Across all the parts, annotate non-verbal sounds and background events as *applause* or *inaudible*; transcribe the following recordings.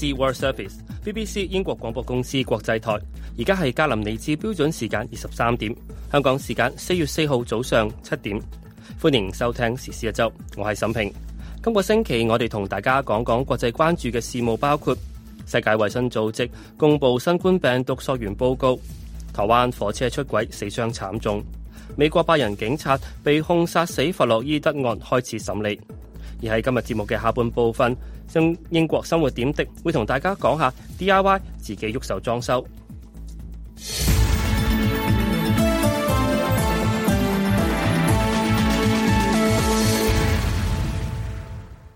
C World Service, BBC 英國廣播公司國際台。而家係格林尼治標準時間二十三點，香港時間四月四號早上七點。歡迎收聽時事一周，我係沈平。今個星期我哋同大家講講國際關注嘅事務，包括世界衛生組織公布新冠病毒溯源報告，台灣火車出軌死傷慘重，美國白人警察被控殺死佛洛伊德案開始審理。而喺今日節目嘅下半部分。將英國生活點滴會同大家講下 DIY 自己喐手裝修。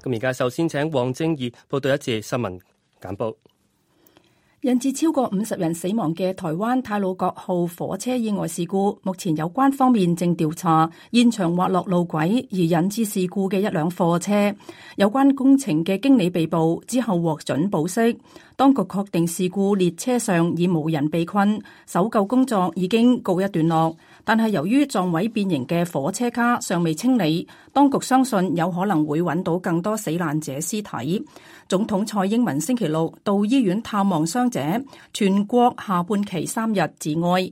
咁而家首先請黃晶儀報道一次新聞簡報。引致超過五十人死亡嘅台灣太魯閣號火車意外事故，目前有關方面正調查現場滑落路軌而引致事故嘅一輛貨車。有關工程嘅經理被捕之後獲准保釋。當局確定事故列車上已無人被困，搜救工作已經告一段落。但係由於撞毀，變形嘅火車卡尚未清理，當局相信有可能會揾到更多死難者屍體。總統蔡英文星期六到醫院探望傷者，全國下半期三日致哀。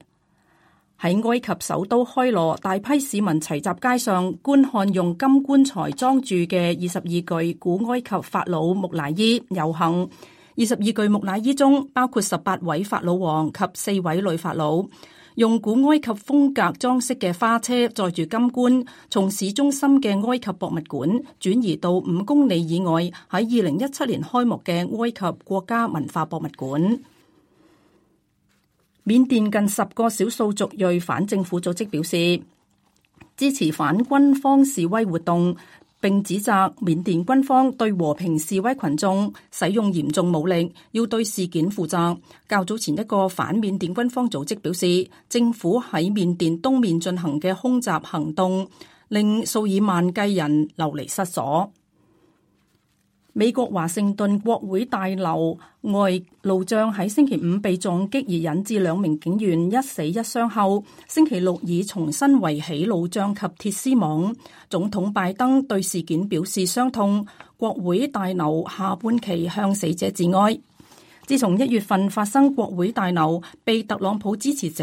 喺埃及首都開羅，大批市民齊集街上觀看用金棺材裝住嘅二十二具古埃及法老木乃伊遊行。二十二具木乃伊中包括十八位法老王及四位女法老。用古埃及風格裝飾嘅花車載住金棺，從市中心嘅埃及博物館轉移到五公里以外喺二零一七年開幕嘅埃及國家文化博物館。緬甸近十個少數族裔反政府組織表示支持反軍方示威活動，並指責緬甸軍方對和平示威群眾使用嚴重武力，要對事件負責。較早前一個反緬甸軍方組織表示，政府喺緬甸東面進行嘅空襲行動，令數以萬計人流離失所。美國華盛頓國會大樓外路障喺星期五被撞擊而引致兩名警員一死一傷後，星期六已重新圍起路障及鐵絲網。總統拜登對事件表示傷痛，國會大樓下半旗向死者致哀。自從一月份發生國會大樓被特朗普支持者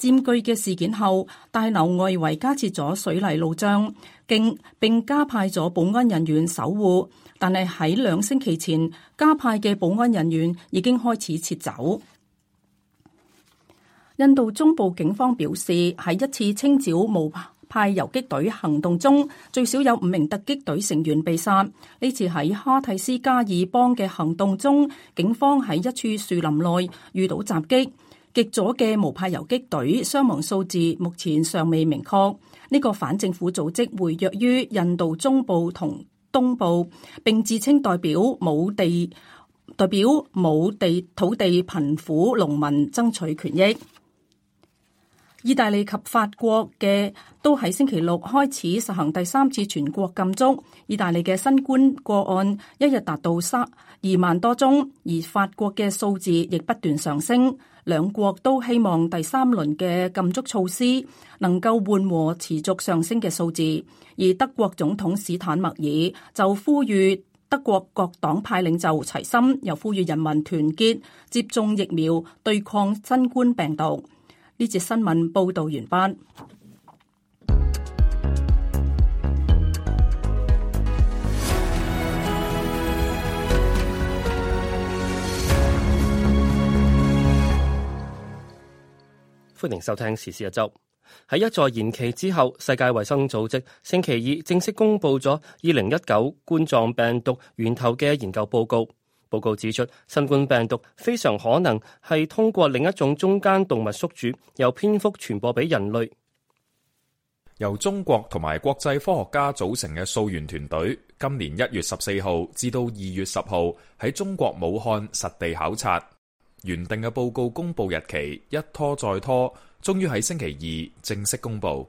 佔據嘅事件後，大樓外圍加設咗水泥路障，經並，並加派咗保安人員守護。但係喺兩星期前，加派嘅保安人員已經開始撤走。印度中部警方表示，喺一次清剿無派游擊隊行動中，最少有五名突擊隊成員被殺。呢次喺哈蒂斯加爾邦嘅行動中，警方喺一處樹林內遇到襲擊。極左嘅無派游擊隊傷亡數字目前尚未明確。呢個反政府組織活躍於印度中部同。東部並自稱代表冇地，代表冇地土地貧苦農民爭取權益。意大利及法國嘅都喺星期六開始實行第三次全國禁足。意大利嘅新冠個案一日達到三二萬多宗，而法國嘅數字亦不斷上升。兩國都希望第三輪嘅禁足措施能夠緩和持續上升嘅數字，而德國總統史坦默爾就呼籲德國各黨派領袖齊心，又呼籲人民團結接種疫苗對抗新冠病毒。呢節新聞報道完畢。歡迎收聽時事一周。喺一再延期之後，世界衛生組織星期二正式公布咗二零一九冠狀病毒源頭嘅研究報告報告指出，新冠病毒非常可能係通過另一種中間動物宿主，由蝙蝠傳播俾人類。由中國同埋國際科學家組成嘅溯源團隊，今年一月十四號至到二月十號喺中國武漢實地考察。原定嘅報告公佈日期一拖再拖，終於喺星期二正式公佈。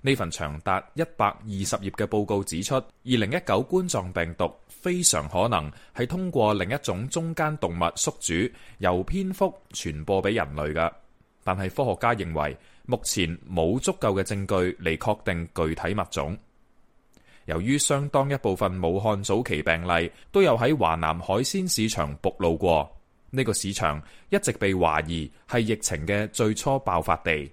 呢份長達一百二十頁嘅報告指出，二零一九冠狀病毒非常可能係通過另一種中間動物宿主，由蝙蝠傳播俾人類嘅。但係科學家認為，目前冇足夠嘅證據嚟確定具體物種。由於相當一部分武漢早期病例都有喺華南海鮮市場暴露過。呢個市場一直被懷疑係疫情嘅最初爆發地，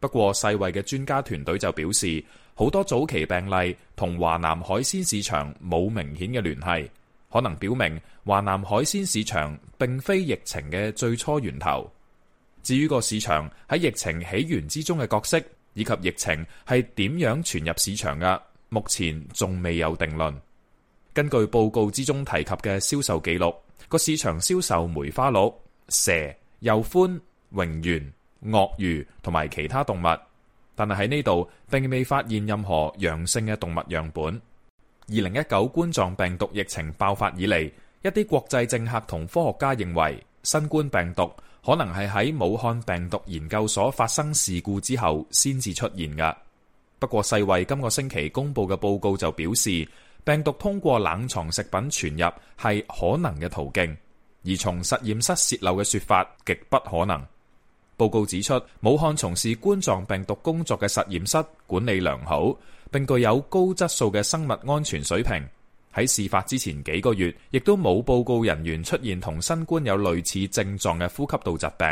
不過世衛嘅專家團隊就表示，好多早期病例同華南海鮮市場冇明顯嘅聯繫，可能表明華南海鮮市場並非疫情嘅最初源頭。至於個市場喺疫情起源之中嘅角色，以及疫情係點樣傳入市場噶，目前仲未有定論。根據報告之中提及嘅銷售記錄。個市場銷售梅花鹿、蛇、鼬獾、蠑螈、鱷魚同埋其他動物，但係喺呢度並未發現任何陽性嘅動物樣本。二零一九冠狀病毒疫情爆發以嚟，一啲國際政客同科學家認為新冠病毒可能係喺武漢病毒研究所發生事故之後先至出現㗎。不過世衛今個星期公布嘅報告就表示，病毒通過冷藏食品傳入係可能嘅途徑，而從實驗室洩漏嘅說法極不可能。報告指出，武漢從事冠狀病毒工作嘅實驗室管理良好，並具有高質素嘅生物安全水平。喺事發之前幾個月，亦都冇報告人員出現同新冠有類似症狀嘅呼吸道疾病。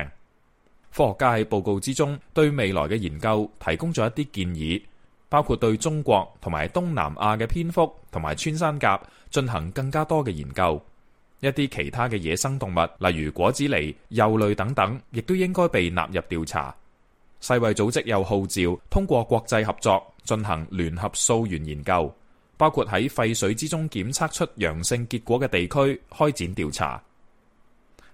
科學家喺報告之中對未來嘅研究提供咗一啲建議。包括對中國同埋東南亞嘅蝙蝠同埋穿山甲進行更加多嘅研究，一啲其他嘅野生動物，例如果子狸、幼類等等，亦都應該被納入調查。世衛組織又號召通過國際合作進行聯合溯源研究，包括喺廢水之中檢測出陽性結果嘅地區開展調查。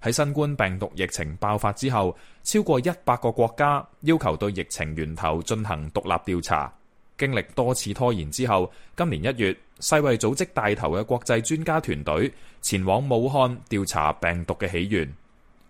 喺新冠病毒疫情爆發之後，超過一百個國家要求對疫情源頭進行獨立調查。經歷多次拖延之後，今年一月，世衛組織帶頭嘅國際專家團隊前往武漢調查病毒嘅起源。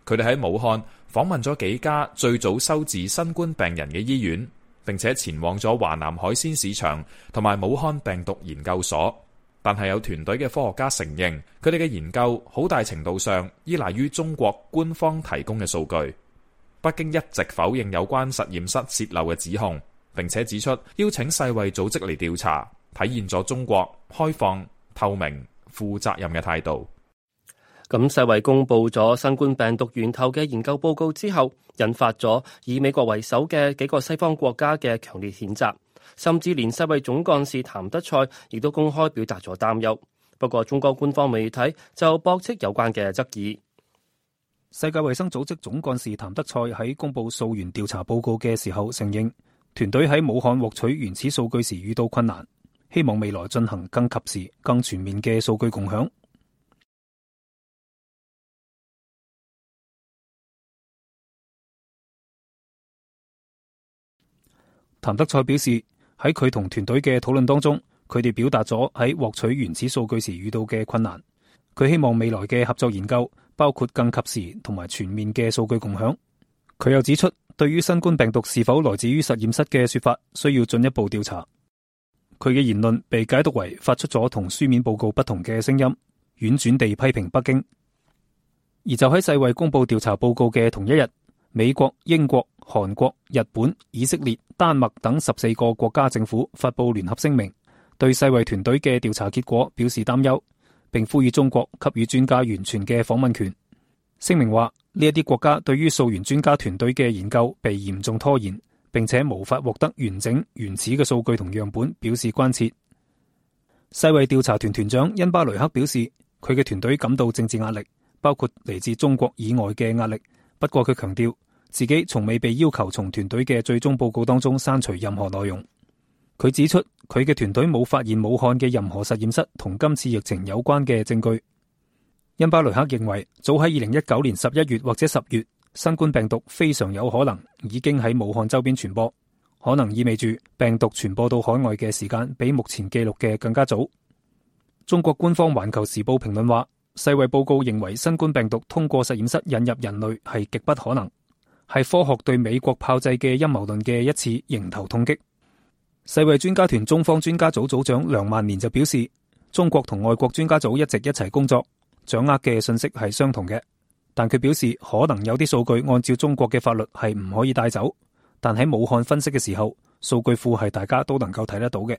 佢哋喺武漢訪問咗幾家最早收治新冠病人嘅醫院，並且前往咗華南海鮮市場同埋武漢病毒研究所。但係有團隊嘅科學家承認，佢哋嘅研究好大程度上依賴於中國官方提供嘅數據。北京一直否認有關實驗室泄漏嘅指控。並且指出，邀請世衛組織嚟調查，體現咗中國開放、透明、負責任嘅態度。咁世衛公布咗新冠病毒源頭嘅研究報告之後，引發咗以美國為首嘅幾個西方國家嘅強烈譴責，甚至連世衛總幹事譚德賽亦都公開表達咗擔憂。不過，中國官方媒體就駁斥有關嘅質疑。世界衛生組織總幹事譚德賽喺公布溯源調查報告嘅時候承認。團隊喺武漢獲取原始數據時遇到困難，希望未來進行更及時、更全面嘅數據共享。譚德塞表示，喺佢同團隊嘅討論當中，佢哋表達咗喺獲取原始數據時遇到嘅困難。佢希望未來嘅合作研究包括更及時同埋全面嘅數據共享。佢又指出。對於新冠病毒是否來自於實驗室嘅說法，需要進一步調查。佢嘅言論被解讀為發出咗同書面報告不同嘅聲音，婉轉地批評北京。而就喺世衛公布調查報告嘅同一日，美國、英國、韓國、日本、以色列、丹麥等十四個國家政府發佈聯合聲明，對世衛團隊嘅調查結果表示擔憂，並呼籲中國給予專家完全嘅訪問權。聲明話：呢一啲國家對於溯源專家團隊嘅研究被嚴重拖延，並且無法獲得完整、原始嘅數據同樣本，表示關切。世衛調查團團長恩巴雷克表示，佢嘅團隊感到政治壓力，包括嚟自中國以外嘅壓力。不過佢強調，自己從未被要求從團隊嘅最終報告當中刪除任何內容。佢指出，佢嘅團隊冇發現武漢嘅任何實驗室同今次疫情有關嘅證據。因巴雷克認為，早喺二零一九年十一月或者十月，新冠病毒非常有可能已經喺武漢周邊傳播，可能意味住病毒傳播到海外嘅時間比目前記錄嘅更加早。中國官方《環球時報》評論話，世衛報告認為新冠病毒通過實驗室引入人類係極不可能，係科學對美國炮製嘅陰謀論嘅一次迎頭痛擊。世衛專家團中方專家組組長梁萬年就表示，中國同外國專家組一直一齊工作。掌握嘅信息係相同嘅，但佢表示可能有啲數據按照中國嘅法律係唔可以帶走，但喺武漢分析嘅時候，數據庫係大家都能夠睇得到嘅。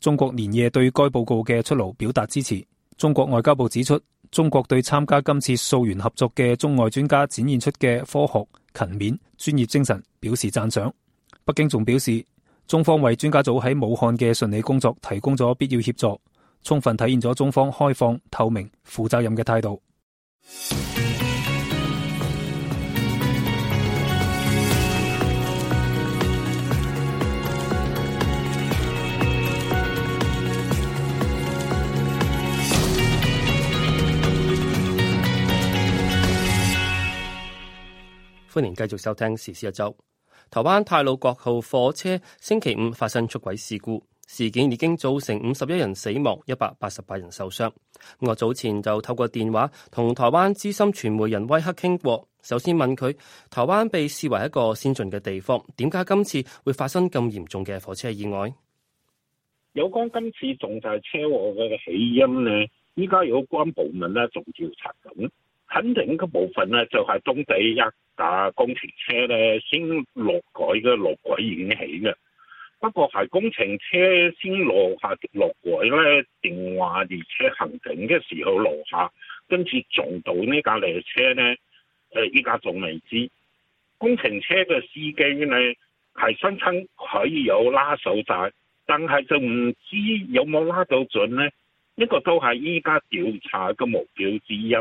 中國連夜對該報告嘅出爐表達支持。中國外交部指出，中國對參加今次溯源合作嘅中外專家展現出嘅科學勤勉、專業精神表示讚賞。北京仲表示，中方為專家組喺武漢嘅順利工作提供咗必要協助。充分體現咗中方開放、透明、負責任嘅態度。歡迎繼續收聽時事一周。台灣太魯閣號火車星期五發生出軌事故。事件已經造成五十一人死亡，一百八十八人受傷。我早前就透過電話同台灣資深傳媒人威克傾過，首先問佢，台灣被視為一個先進嘅地方，點解今次會發生咁嚴重嘅火車意外？有關今次重大車禍嘅起因呢？依家有關部門咧仲調查緊，肯定一部分呢就係中地一架工程車咧先落軌嘅落軌引起嘅。不過係工程車先落下落軌咧，定話列車行經嘅時候落下，跟住撞到呢架列車咧。誒、呃，依家仲未知。工程車嘅司機咧係聲稱佢有拉手帶，但係就唔知有冇拉到準咧。呢、這個都係依家調查嘅目標之一。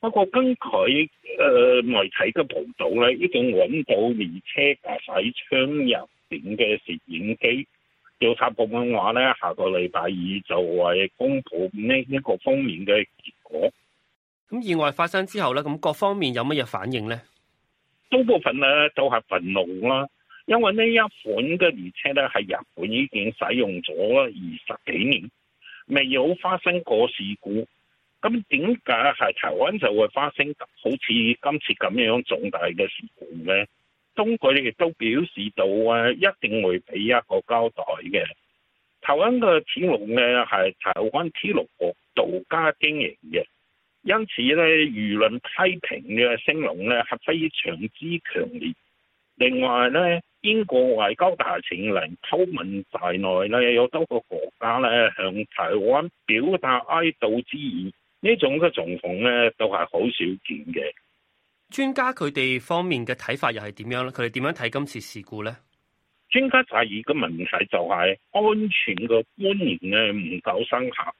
不過根據誒、呃、媒體嘅報道咧，已經搵到列車駕駛窗入。點嘅攝影機。調查部門話咧，下個禮拜二就會公布呢一個方面嘅結果。咁意外發生之後咧，咁各方面有乜嘢反應咧？多部分咧都係憤怒啦，因為呢一款嘅列車咧喺日本已經使用咗二十幾年，未有發生過事故。咁點解喺台灣就會發生好似今次咁樣重大嘅事故咧？中國亦都表示到啊，一定會俾一個交代嘅。台灣嘅鐵路呢，係台灣鐵路局獨家經營嘅，因此呢，輿論批評嘅聲浪呢，係非常之強烈。另外呢，英國外交大臣藍韜文在內呢，有多個國家呢，向台灣表達哀悼之意，呢種嘅狀況呢，都係好少見嘅。專家佢哋方面嘅睇法又係點樣咧？佢哋點樣睇今次事故咧？專家就係而家問題就係安全嘅觀念咧唔夠深刻。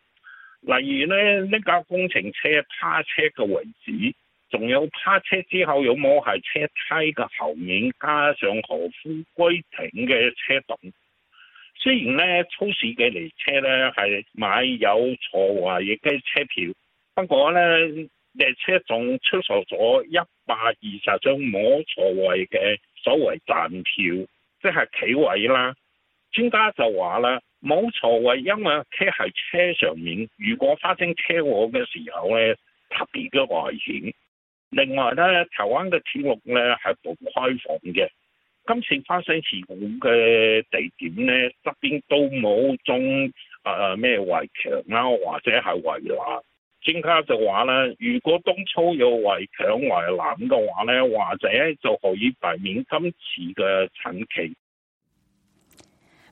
例如咧，呢架工程車趴車嘅位置，仲有趴車之後有冇係車梯嘅後面，加上何夫龜停嘅車洞。雖然咧粗市嘅嚟車咧係買有坐華嘅車票，不過咧。列車仲出售咗一百二十張冇座位嘅所謂站票，即係企位啦。專家就話啦，冇座位，因為企喺車上面，如果發生車禍嘅時候咧，特別嘅危險。另外咧，台灣嘅鐵路咧係冇開放嘅。今次發生事故嘅地點咧，側邊都冇種誒咩圍牆啦，或者係圍欄。專家就話咧，如果當初有圍牆圍欄嘅話咧，或者就可以避免今次嘅陳期。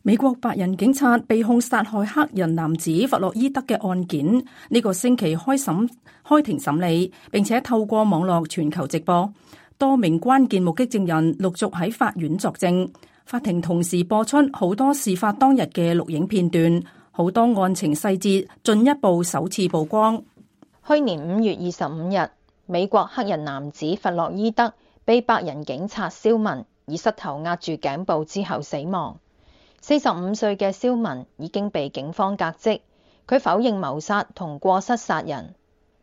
美國白人警察被控殺害黑人男子佛洛伊德嘅案件，呢個星期開審開庭審理，並且透過網絡全球直播。多名關鍵目擊證人陸續喺法院作證，法庭同時播出好多事發當日嘅錄影片段，好多案情細節進一步首次曝光。去年五月二十五日，美國黑人男子佛洛伊德被白人警察肖文以膝頭壓住頸部之後死亡。四十五歲嘅肖文已經被警方革職，佢否認謀殺同過失殺人。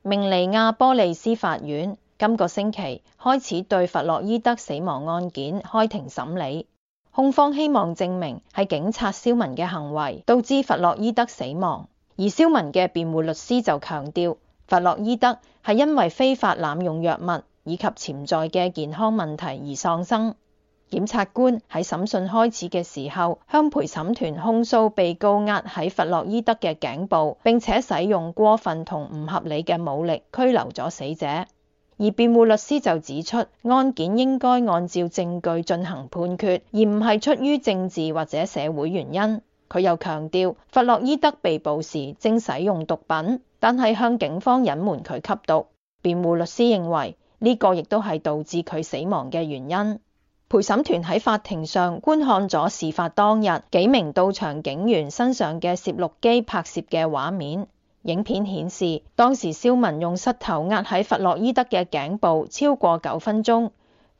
明尼亞波利斯法院今個星期開始對佛洛伊德死亡案件開庭審理，控方希望證明係警察肖文嘅行為導致佛洛伊德死亡，而肖文嘅辯護律師就強調。佛洛伊德係因為非法濫用藥物以及潛在嘅健康問題而喪生。檢察官喺審訊開始嘅時候，向陪審團控訴被告壓喺佛洛伊德嘅頸部，並且使用過分同唔合理嘅武力拘留咗死者。而辯護律師就指出，案件應該按照證據進行判決，而唔係出於政治或者社會原因。佢又強調，佛洛伊德被捕時正使用毒品，但係向警方隱瞞佢吸毒。辯護律師認為呢個亦都係導致佢死亡嘅原因。陪審團喺法庭上觀看咗事發當日幾名到場警員身上嘅攝錄機拍攝嘅畫面。影片顯示當時肖文用膝頭壓喺佛洛伊德嘅頸部超過九分鐘。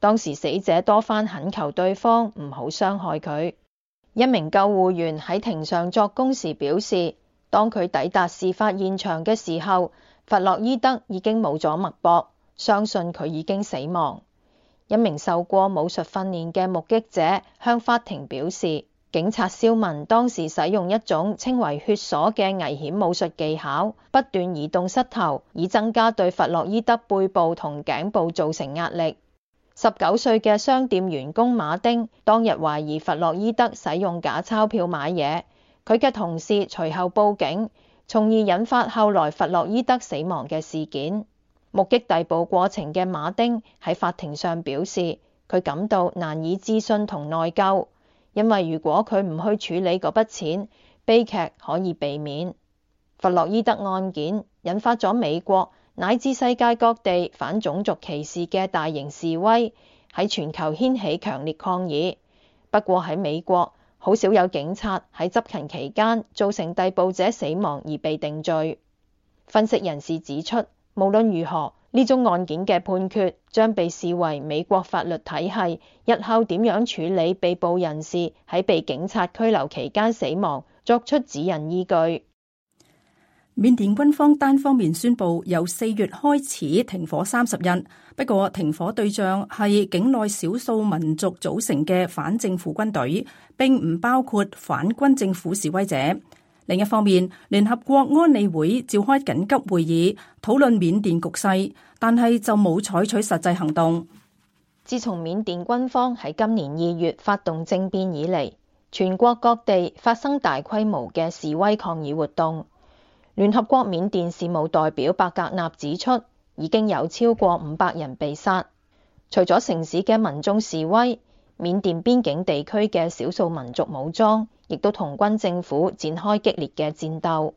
當時死者多番懇求對方唔好傷害佢。一名救護員喺庭上作供時表示，當佢抵達事發現場嘅時候，佛洛伊德已經冇咗脈搏，相信佢已經死亡。一名受過武術訓練嘅目擊者向法庭表示，警察肖文當時使用一種稱為血鎖嘅危險武術技巧，不斷移動膝頭，以增加對佛洛伊德背部同頸部造成壓力。十九歲嘅商店員工馬丁當日懷疑弗洛伊德使用假鈔票買嘢，佢嘅同事隨後報警，從而引發後來弗洛伊德死亡嘅事件。目擊逮捕過程嘅馬丁喺法庭上表示，佢感到難以置信同內疚，因為如果佢唔去處理嗰筆錢，悲劇可以避免。弗洛伊德案件引發咗美國。乃至世界各地反種族歧視嘅大型示威，喺全球掀起強烈抗議。不過喺美國好少有警察喺執勤期間造成逮捕者死亡而被定罪。分析人士指出，無論如何，呢宗案件嘅判決將被視為美國法律體系日後點樣處理被捕人士喺被警察拘留期間死亡作出指引依據。緬甸軍方單方面宣布，由四月開始停火三十日，不過停火對象係境內少數民族組成嘅反政府軍隊，並唔包括反軍政府示威者。另一方面，聯合國安理會召開緊急會議，討論緬甸局勢，但係就冇採取實際行動。自從緬甸軍方喺今年二月發動政變以嚟，全國各地發生大規模嘅示威抗議活動。聯合國緬甸事務代表白格納指出，已經有超過五百人被殺。除咗城市嘅民眾示威，緬甸邊境地區嘅少數民族武裝亦都同軍政府展開激烈嘅戰鬥。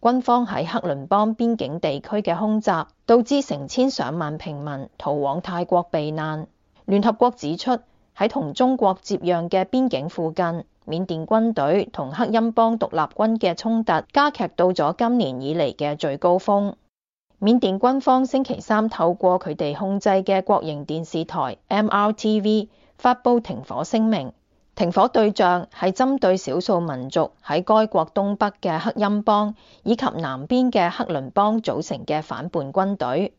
軍方喺克倫邦邊境地區嘅空襲，導致成千上萬平民逃往泰國避難。聯合國指出，喺同中國接壤嘅邊境附近，緬甸軍隊同克欽邦獨立軍嘅衝突加劇到咗今年以嚟嘅最高峰。緬甸軍方星期三透過佢哋控制嘅國營電視台 MRTV 發佈停火聲明，停火對象係針對少數民族喺該國東北嘅克欽邦以及南邊嘅克倫邦組成嘅反叛軍隊。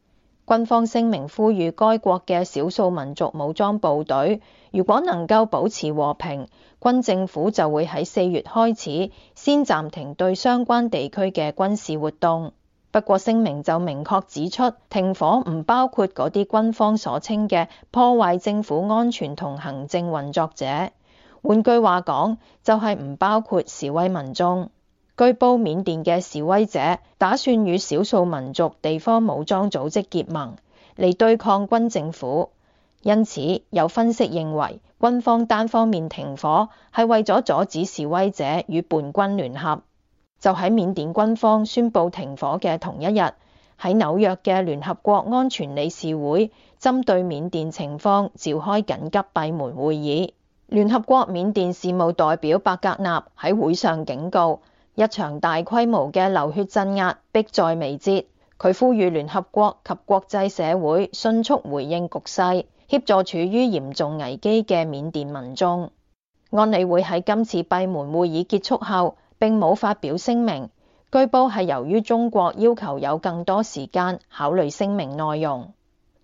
軍方聲明呼籲該國嘅少數民族武裝部隊，如果能夠保持和平，軍政府就會喺四月開始先暫停對相關地區嘅軍事活動。不過聲明就明確指出，停火唔包括嗰啲軍方所稱嘅破壞政府安全同行政運作者。換句話講，就係唔包括示威民眾。據報，緬甸嘅示威者打算與少數民族地方武裝組織結盟嚟對抗軍政府，因此有分析認為軍方單方面停火係為咗阻止示威者與叛軍聯合。就喺緬甸軍方宣布停火嘅同一日，喺紐約嘅聯合國安全理事會針對緬甸情況召開緊急閉門會議。聯合國緬甸事務代表白格納喺會上警告。一場大規模嘅流血鎮壓迫在眉睫，佢呼籲聯合國及國際社會迅速回應局勢，協助處於嚴重危機嘅緬甸民眾。安理會喺今次閉門會議結束後，並冇發表聲明，據報係由於中國要求有更多時間考慮聲明內容。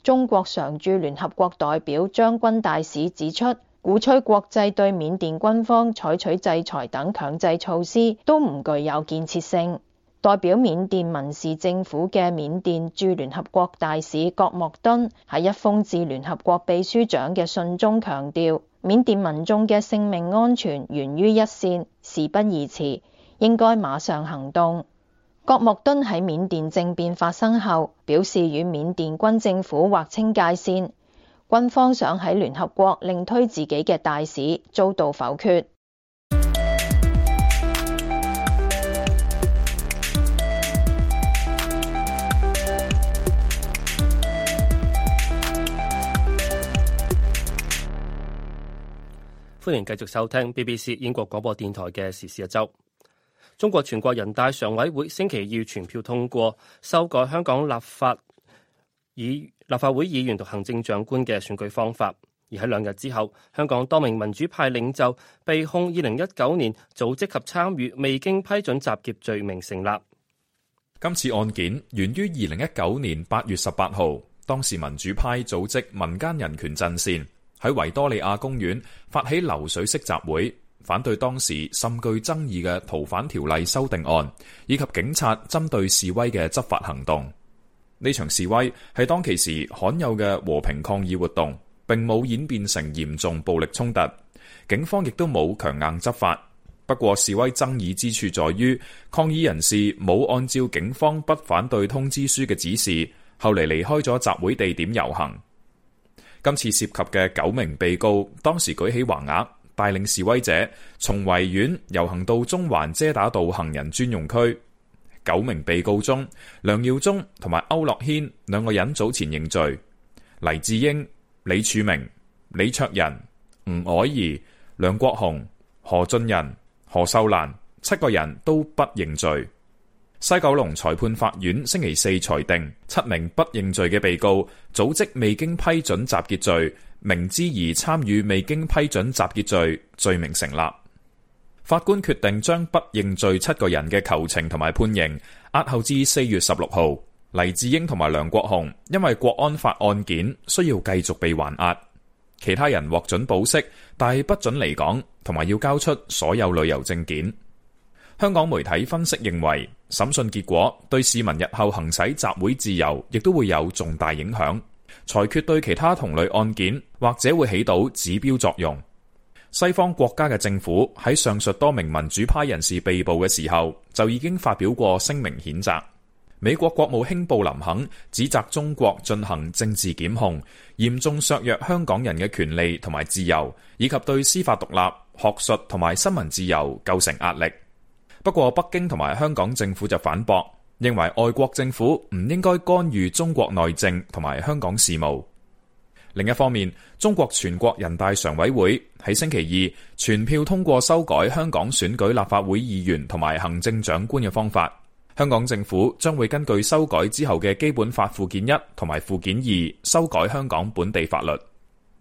中國常駐聯合國代表張軍大使指出。鼓吹國際對緬甸軍方採取制裁等強制措施，都唔具有建設性。代表緬甸民事政府嘅緬甸駐聯合國大使郭莫敦喺一封致聯合國秘書長嘅信中強調，緬甸民眾嘅性命安全懸於一線，事不宜遲，應該馬上行動。郭莫敦喺緬甸政變發生後，表示與緬甸軍政府劃清界線。軍方想喺聯合國另推自己嘅大使，遭到否決。歡迎繼續收聽 BBC 英國廣播電台嘅《時事一周》。中國全國人大常委會星期二全票通過修改香港立法以立法會議員同行政長官嘅選舉方法，而喺兩日之後，香港多名民主派領袖被控二零一九年組織及參與未經批准集結，罪名成立。今次案件源於二零一九年八月十八號，當時民主派組織民間人權陣線喺維多利亞公園發起流水式集會，反對當時甚具爭議嘅逃犯條例修訂案以及警察針對示威嘅執法行動。呢場示威係當其時罕有嘅和平抗議活動，並冇演變成嚴重暴力衝突，警方亦都冇強硬執法。不過，示威爭議之處在於抗議人士冇按照警方不反對通知書嘅指示，後嚟離開咗集會地點遊行。今次涉及嘅九名被告當時舉起橫額，帶領示威者從維園遊行到中環遮打道行人專用區。九名被告中，梁耀忠同埋歐樂軒兩個人早前認罪，黎智英、李柱銘、李卓人、吳靄儀、梁國雄、何俊仁、何秀蘭七個人都不認罪。西九龍裁判法院星期四裁定，七名不認罪嘅被告組織未經批准集結罪，明知而參與未經批准集結罪，罪名成立。法官決定將不認罪七個人嘅求情同埋判刑押後至四月十六號。黎智英同埋梁國雄因為國安法案件需要繼續被還押，其他人獲准保釋，但係不准離港，同埋要交出所有旅遊證件。香港媒體分析認為，審訊結果對市民日後行使集會自由亦都會有重大影響。裁決對其他同類案件或者會起到指標作用。西方國家嘅政府喺上述多名民主派人士被捕嘅時候，就已經發表過聲明譴責。美國國務卿布林肯指責中國進行政治檢控，嚴重削弱香港人嘅權利同埋自由，以及對司法獨立、學術同埋新聞自由構成壓力。不過，北京同埋香港政府就反駁，認為外國政府唔應該干預中國內政同埋香港事務。另一方面，中國全國人大常委會喺星期二全票通過修改香港選舉立法會議員同埋行政長官嘅方法。香港政府將會根據修改之後嘅基本法附件一同埋附件二，修改香港本地法律。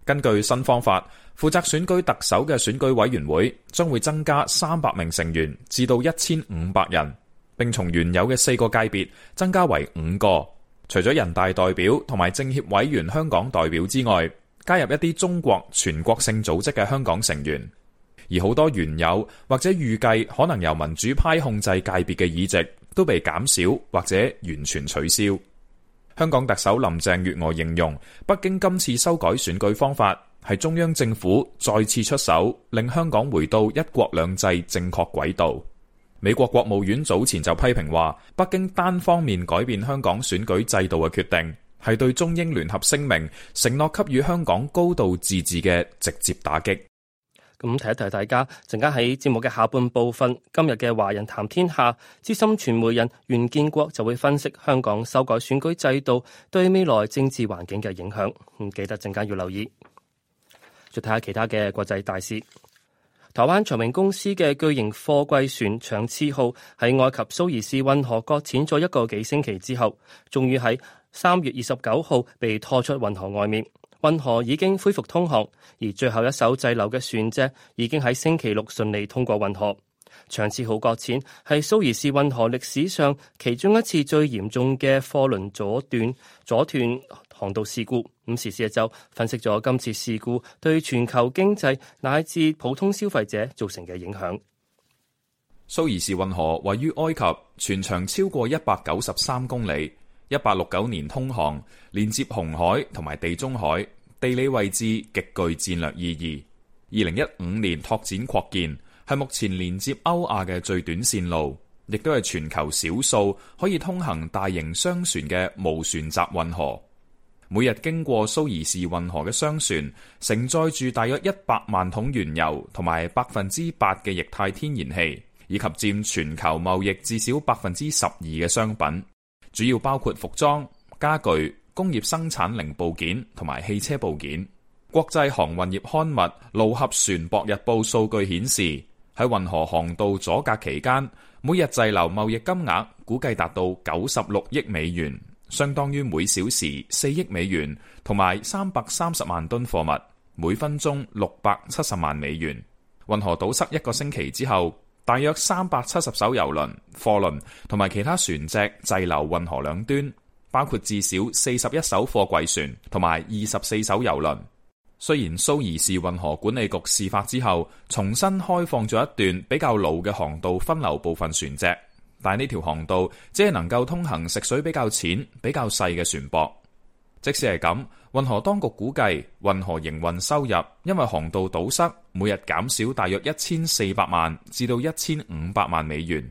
根據新方法，負責選舉特首嘅選舉委員會將會增加三百名成員，至到一千五百人，並從原有嘅四個界別增加為五個。除咗人大代表同埋政協委員香港代表之外，加入一啲中國全國性組織嘅香港成員，而好多原有或者預計可能由民主派控制界別嘅議席，都被減少或者完全取消。香港特首林鄭月娥形容，北京今次修改選舉方法，係中央政府再次出手，令香港回到一國兩制正確軌道。美國國務院早前就批評話，北京單方面改變香港選舉制度嘅決定，係對中英聯合聲明承諾給予香港高度自治嘅直接打擊。咁提一提大家，陣間喺節目嘅下半部分，今日嘅華人談天下資深傳媒人袁建國就會分析香港修改選舉制度對未來政治環境嘅影響。唔記得陣間要留意，再睇下其他嘅國際大事。台灣長榮公司嘅巨型貨櫃船長賜號喺埃及蘇伊士運河擱淺咗一個幾星期之後，終於喺三月二十九號被拖出運河外面。運河已經恢復通航，而最後一艘滯留嘅船隻已經喺星期六順利通過運河。長賜號擱淺係蘇伊士運河歷史上其中一次最嚴重嘅貨輪阻斷阻斷。阻阻阻航道事故咁，時事一周分析咗今次事故對全球經濟乃至普通消費者造成嘅影響。蘇伊士運河位於埃及，全長超過一百九十三公里，一八六九年通航，連接紅海同埋地中海，地理位置極具戰略意義。二零一五年拓展擴建，係目前連接歐亞嘅最短線路，亦都係全球少數可以通行大型商船嘅無船閘運河。每日經過蘇伊士運河嘅商船，承載住大約一百萬桶原油，同埋百分之八嘅液態天然氣，以及佔全球貿易至少百分之十二嘅商品，主要包括服裝、家具、工業生產零部件同埋汽車部件。國際航運業刊物《路合船舶日報》數據顯示，喺運河航道阻隔期間，每日滯留貿易金額估計達到九十六億美元。相當於每小時四億美元，同埋三百三十萬噸貨物；每分鐘六百七十萬美元。運河堵塞一個星期之後，大約三百七十艘油輪、貨輪同埋其他船隻滯留運河兩端，包括至少四十一艘貨櫃船同埋二十四艘油輪。雖然蘇伊士運河管理局事發之後，重新開放咗一段比較老嘅航道，分流部分船隻。但呢條航道只係能夠通行食水比較淺、比較細嘅船舶。即使係咁，運河當局估計，運河營運收入因為航道堵塞，每日減少大約一千四百萬至到一千五百萬美元。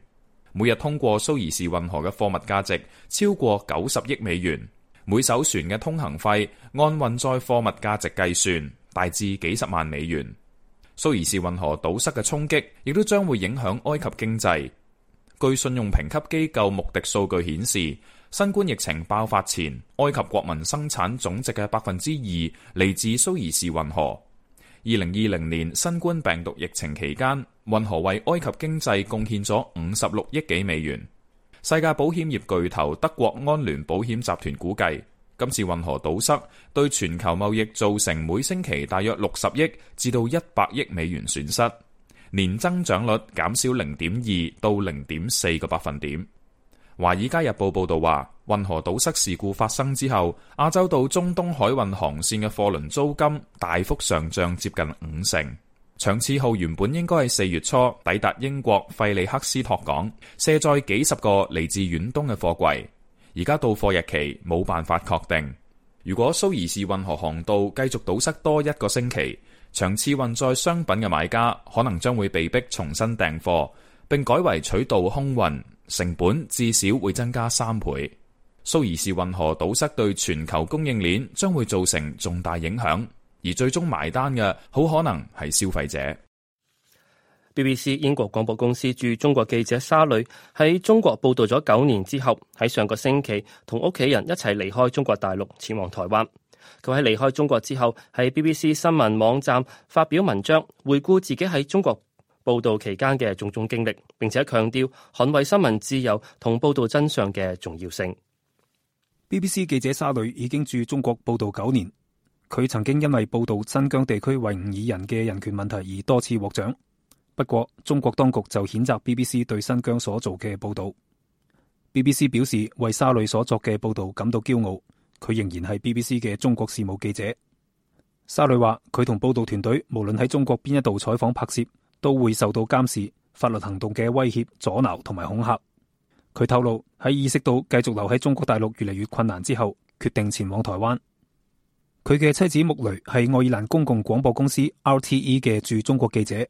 每日通過蘇伊士運河嘅貨物價值超過九十億美元。每艘船嘅通行費按運載貨物價值計算，大致幾十萬美元。蘇伊士運河堵塞嘅衝擊，亦都將會影響埃及經濟。據信用評級機構穆迪數據顯示，新冠疫情爆發前，埃及國民生產總值嘅百分之二嚟自蘇伊士運河。二零二零年新冠病毒疫情期間，運河為埃及經濟貢獻咗五十六億幾美元。世界保險業巨頭德國安聯保險集團估計，今次運河堵塞對全球貿易造成每星期大約六十億至到一百億美元損失。年增長率減少零點二到零點四個百分點。華爾街日報報導話，運河堵塞事故發生之後，亞洲到中東海運航線嘅貨輪租金大幅上漲，接近五成。長賜號原本應該係四月初抵達英國費利克斯托港，卸載幾十個嚟自遠東嘅貨櫃，而家到貨日期冇辦法確定。如果蘇彝士運河航道繼續堵塞多一個星期，長次運載商品嘅買家可能將會被逼重新訂貨，並改為取道空運，成本至少會增加三倍。蘇伊士運河堵塞對全球供應鏈將會造成重大影響，而最終埋單嘅好可能係消費者。BBC 英國廣播公司駐中國記者沙磊喺中國報道咗九年之後，喺上個星期同屋企人一齊離開中國大陸前往台灣。佢喺離開中國之後，喺 BBC 新聞網站發表文章，回顧自己喺中國報道期間嘅種種經歷，並且強調捍衛新聞自由同報道真相嘅重要性。BBC 記者沙磊已經駐中國報道九年，佢曾經因為報道新疆地區維吾爾人嘅人權問題而多次獲獎。不過，中國當局就譴責 BBC 對新疆所做嘅報道。BBC 表示為沙磊所作嘅報道感到驕傲。佢仍然係 BBC 嘅中國事務記者。沙磊話：佢同報道團隊無論喺中國邊一度採訪拍攝，都會受到監視、法律行動嘅威脅、阻撓同埋恐嚇。佢透露喺意識到繼續留喺中國大陸越嚟越困難之後，決定前往台灣。佢嘅妻子穆雷係愛爾蘭公共廣播公司 RTE 嘅駐中國記者。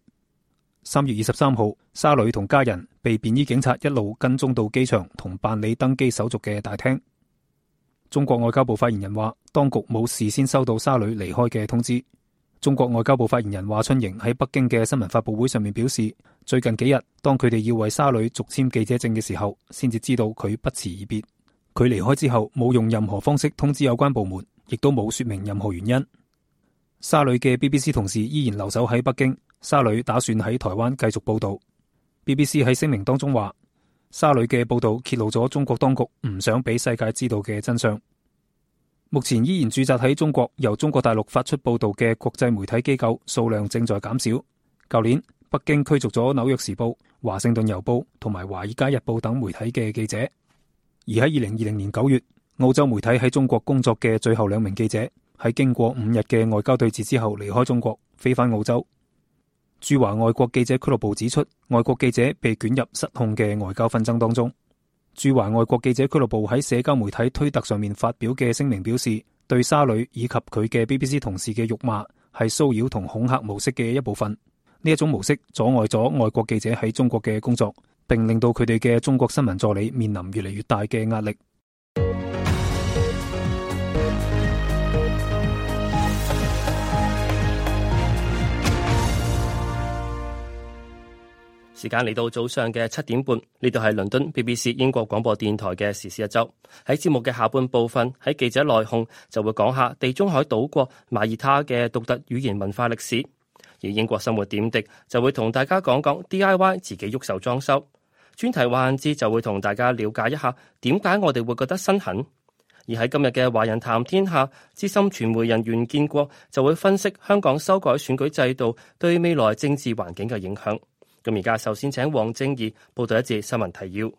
三月二十三號，沙磊同家人被便衣警察一路跟蹤到機場同辦理登機手續嘅大廳。中國外交部發言人話：當局冇事先收到沙磊離開嘅通知。中國外交部發言人華春瑩喺北京嘅新聞發布會上面表示：最近幾日，當佢哋要為沙磊續簽記者證嘅時候，先至知道佢不辭而別。佢離開之後冇用任何方式通知有關部門，亦都冇說明任何原因。沙磊嘅 BBC 同事依然留守喺北京，沙磊打算喺台灣繼續報道。BBC 喺聲明當中話：沙呂嘅報道揭露咗中國當局唔想俾世界知道嘅真相。目前依然駐紮喺中國由中國大陸發出報道嘅國際媒體機構數量正在減少。舊年北京驅逐咗紐約時報、華盛頓郵報同埋華爾街日報等媒體嘅記者。而喺二零二零年九月，澳洲媒體喺中國工作嘅最後兩名記者喺經過五日嘅外交對峙之後離開中國，飛返澳洲。駐華外國記者俱樂部指出，外國記者被捲入失控嘅外交紛爭當中。駐華外國記者俱樂部喺社交媒體推特上面發表嘅聲明表示，對沙磊以及佢嘅 BBC 同事嘅辱罵係騷擾同恐嚇模式嘅一部分。呢一種模式阻礙咗外國記者喺中國嘅工作，並令到佢哋嘅中國新聞助理面臨越嚟越大嘅壓力。時間嚟到早上嘅七點半，呢度係倫敦 BBC 英國廣播電台嘅時事一周。喺節目嘅下半部分，喺記者來鴻就會講下地中海島國馬爾他嘅獨特語言文化歷史，而英國生活點滴就會同大家講講 DIY 自己喐手裝修專題。幻志就會同大家了解一下點解我哋會覺得身痕，而喺今日嘅華人談天下，資深傳媒人員建國就會分析香港修改選舉制度對未來政治環境嘅影響。咁而家首先請王正義報道一節新聞提要。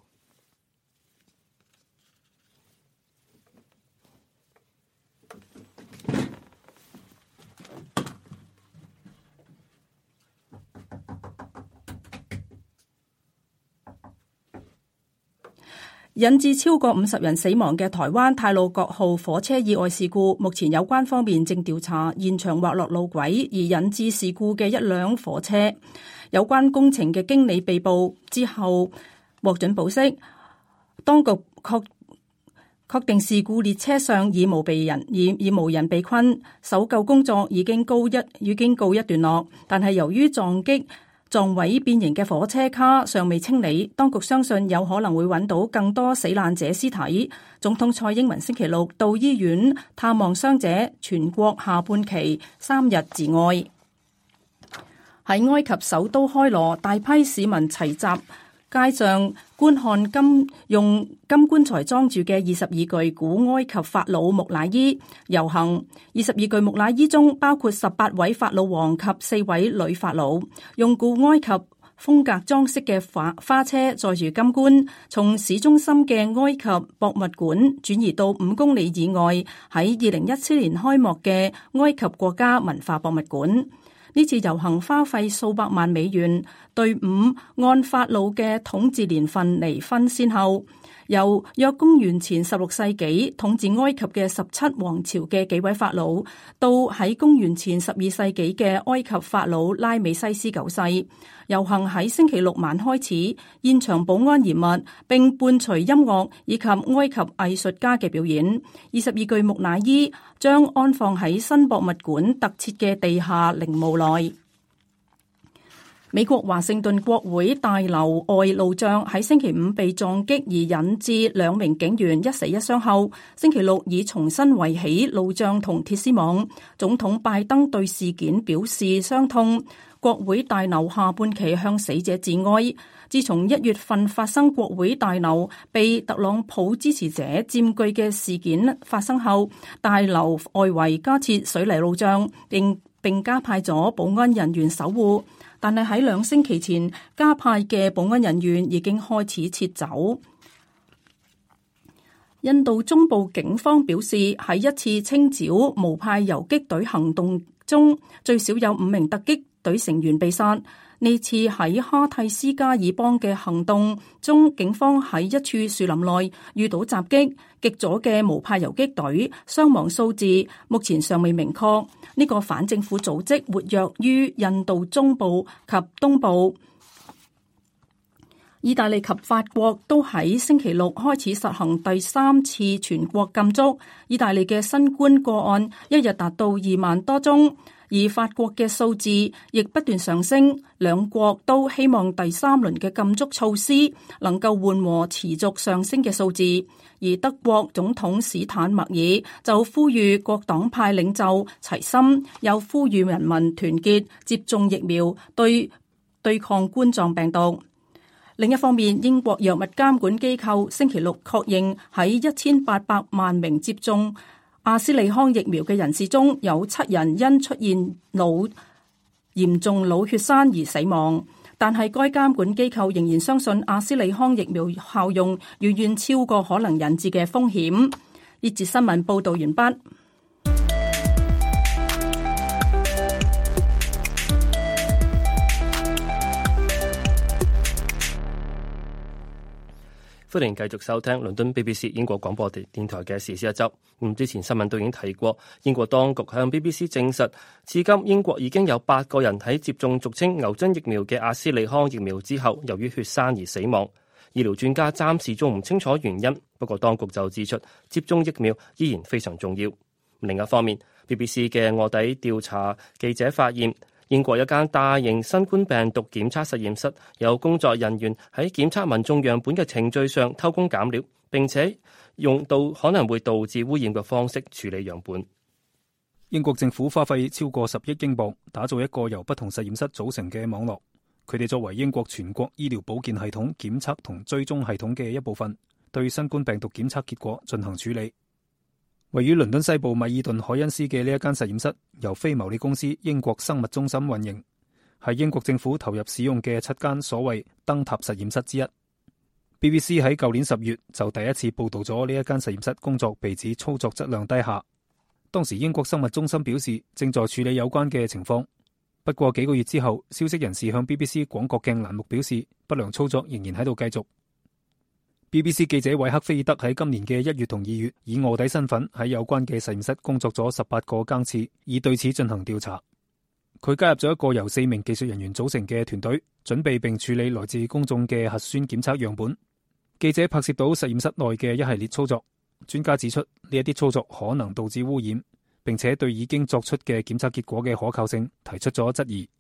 引致超過五十人死亡嘅台灣太魯閣號火車意外事故，目前有關方面正調查現場滑落路軌而引致事故嘅一輛火車。有關工程嘅經理被捕之後獲准保釋，當局確確定事故列車上已無被人已，已無人被困，搜救工作已，告已經告一已經告一段落。但係由於撞擊撞毀變形嘅火車卡尚未清理，當局相信有可能會揾到更多死難者屍體。總統蔡英文星期六到醫院探望傷者，全國下半期三日致哀。喺埃及首都開羅，大批市民齊集街上觀看金用金棺材裝住嘅二十二具古埃及法老木乃伊遊行。二十二具木乃伊中包括十八位法老王及四位女法老，用古埃及風格裝飾嘅花花車載住金棺，從市中心嘅埃及博物館轉移到五公里以外、喺二零一七年開幕嘅埃及國家文化博物館。呢次遊行花費數百萬美元，隊伍按法老嘅統治年份嚟分先後。由約公元前十六世紀統治埃及嘅十七王朝嘅幾位法老，到喺公元前十二世紀嘅埃及法老拉美西斯九世。遊行喺星期六晚開始，現場保安嚴密，並伴隨音樂以及埃及藝術家嘅表演。二十二具木乃伊將安放喺新博物館特設嘅地下陵墓內。美國華盛頓國會大樓外路障喺星期五被撞擊而引致兩名警員一死一傷後，星期六已重新圍起路障同鐵絲網。總統拜登對事件表示傷痛。國會大樓下半旗向死者致哀。自從一月份發生國會大樓被特朗普支持者佔據嘅事件發生後，大樓外圍加設水泥路障，並並加派咗保安人員守護。但係喺兩星期前，加派嘅保安人員已經開始撤走。印度中部警方表示，喺一次清剿無派游擊隊行動中，最少有五名突擊隊成員被殺。呢次喺哈蒂斯加爾邦嘅行動中，警方喺一處樹林內遇到襲擊，極左嘅毛派游擊隊傷亡數字目前尚未明確。呢、這個反政府組織活躍於印度中部及東部。意大利及法國都喺星期六開始實行第三次全國禁足。意大利嘅新冠個案一日達到二萬多宗。而法國嘅數字亦不斷上升，兩國都希望第三輪嘅禁足措施能夠緩和持續上升嘅數字。而德國總統史坦默爾就呼籲各黨派領袖齊心，又呼籲人民團結接種疫苗對對抗冠狀病毒。另一方面，英國藥物監管機構星期六確認喺一千八百萬名接種。阿斯利康疫苗嘅人士中有七人因出現腦嚴重腦血栓而死亡，但係該監管機構仍然相信阿斯利康疫苗效用遠遠超過可能引致嘅風險。呢節新聞報道完畢。歡迎繼續收聽倫敦 BBC 英國廣播電電台嘅時事一周。咁、嗯、之前新聞都已經提過，英國當局向 BBC 證實，至今英國已經有八個人喺接種俗稱牛津疫苗嘅阿斯利康疫苗之後，由於血栓而死亡。醫療專家暫時仲唔清楚原因，不過當局就指出接種疫苗依然非常重要。另一方面，BBC 嘅臥底調查記者發現，英國一間大型新冠病毒檢測實驗室有工作人員喺檢測民眾樣本嘅程序上偷工減料，並且用到可能會導致污染嘅方式處理樣本。英國政府花費超過十億英鎊打造一個由不同實驗室組成嘅網絡，佢哋作為英國全國醫療保健系統檢測同追蹤系統嘅一部分，對新冠病毒檢測結果進行處理。位於倫敦西部米爾頓海恩斯嘅呢一間實驗室，由非牟利公司英國生物中心運營，係英國政府投入使用嘅七間所謂燈塔實驗室之一。BBC 喺舊年十月就第一次報道咗呢一間實驗室工作被指操作質量低下。當時英國生物中心表示正在處理有關嘅情況。不過幾個月之後，消息人士向 BBC 廣角鏡欄目表示，不良操作仍然喺度繼續。BBC 記者韋克菲爾德喺今年嘅一月同二月，以臥底身份喺有關嘅實驗室工作咗十八個更次，以對此進行調查。佢加入咗一個由四名技術人員組成嘅團隊，準備並處理來自公眾嘅核酸檢測樣本。記者拍攝到實驗室內嘅一系列操作。專家指出呢一啲操作可能導致污染，並且對已經作出嘅檢測結果嘅可靠性提出咗質疑。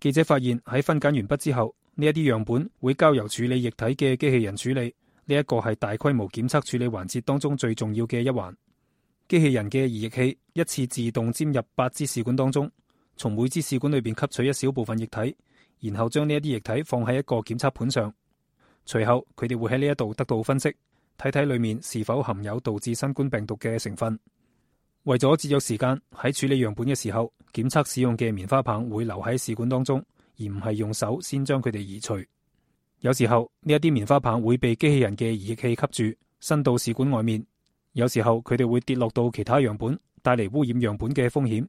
記者發現喺分揀完畢之後，呢一啲樣本會交由處理液體嘅機器人處理，呢一個係大規模檢測處理環節當中最重要嘅一環。機器人嘅移液器一次自動沾入八支試管當中，從每支試管裏邊吸取一小部分液體，然後將呢一啲液體放喺一個檢測盤上。隨後佢哋會喺呢一度得到分析，睇睇裏面是否含有導致新冠病毒嘅成分。為咗節約時間，喺處理樣本嘅時候，檢測使用嘅棉花棒會留喺試管當中。而唔係用手先將佢哋移除。有時候呢一啲棉花棒會被機器人嘅儀器吸住，伸到試管外面。有時候佢哋會跌落到其他樣本，帶嚟污染樣本嘅風險。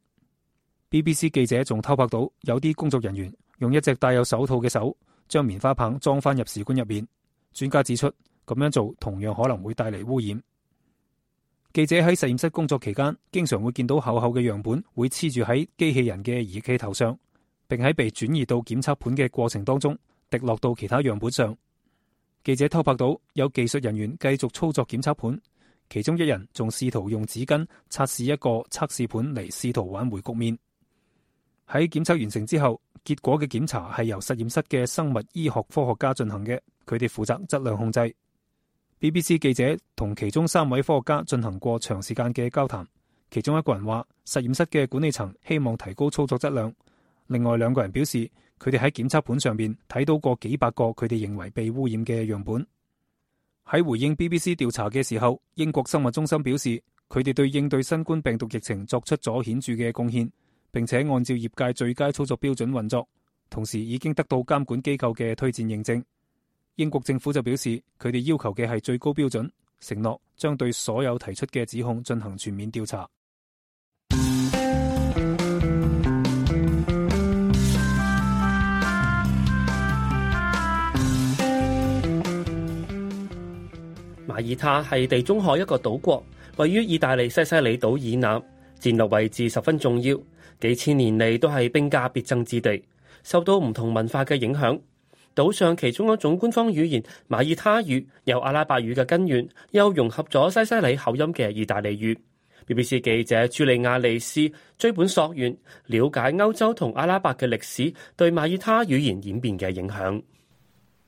BBC 記者仲偷拍到有啲工作人員用一隻帶有手套嘅手將棉花棒裝翻入試管入面。專家指出，咁樣做同樣可能會帶嚟污染。記者喺實驗室工作期間，經常會見到厚厚嘅樣本會黐住喺機器人嘅儀器頭上。並喺被轉移到檢測盤嘅過程當中，滴落到其他樣本上。記者偷拍到有技術人員繼續操作檢測盤，其中一人仲試圖用紙巾測試一個測試盤嚟，試圖挽回局面。喺檢測完成之後，結果嘅檢查係由實驗室嘅生物醫學科學家進行嘅，佢哋負責質量控制。BBC 記者同其中三位科學家進行過長時間嘅交談，其中一個人話，實驗室嘅管理層希望提高操作質量。另外兩個人表示，佢哋喺檢測盤上邊睇到過幾百個佢哋認為被污染嘅樣本。喺回應 BBC 調查嘅時候，英國生物中心表示，佢哋對應對新冠病毒疫情作出咗顯著嘅貢獻，並且按照業界最佳操作標準運作，同時已經得到監管機構嘅推薦認證。英國政府就表示，佢哋要求嘅係最高標準，承諾將對所有提出嘅指控進行全面調查。馬爾他係地中海一個島國，位於意大利西西里島以南，戰略位置十分重要。幾千年嚟都係兵家必爭之地，受到唔同文化嘅影響。島上其中一種官方語言馬爾他語，有阿拉伯語嘅根源，又融合咗西西里口音嘅意大利語。BBC 記者朱莉亞利斯追本溯源，了解歐洲同阿拉伯嘅歷史對馬爾他語言演變嘅影響。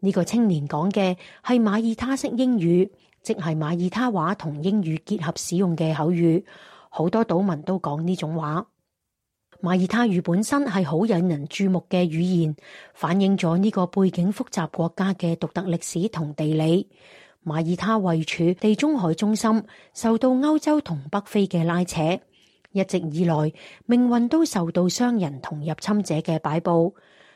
呢個青年講嘅係馬爾他式英語，即係馬爾他話同英語結合使用嘅口語。好多島民都講呢種話。馬爾他語本身係好引人注目嘅語言，反映咗呢個背景複雜國家嘅獨特歷史同地理。馬爾他位處地中海中心，受到歐洲同北非嘅拉扯，一直以來，命運都受到商人同入侵者嘅擺布。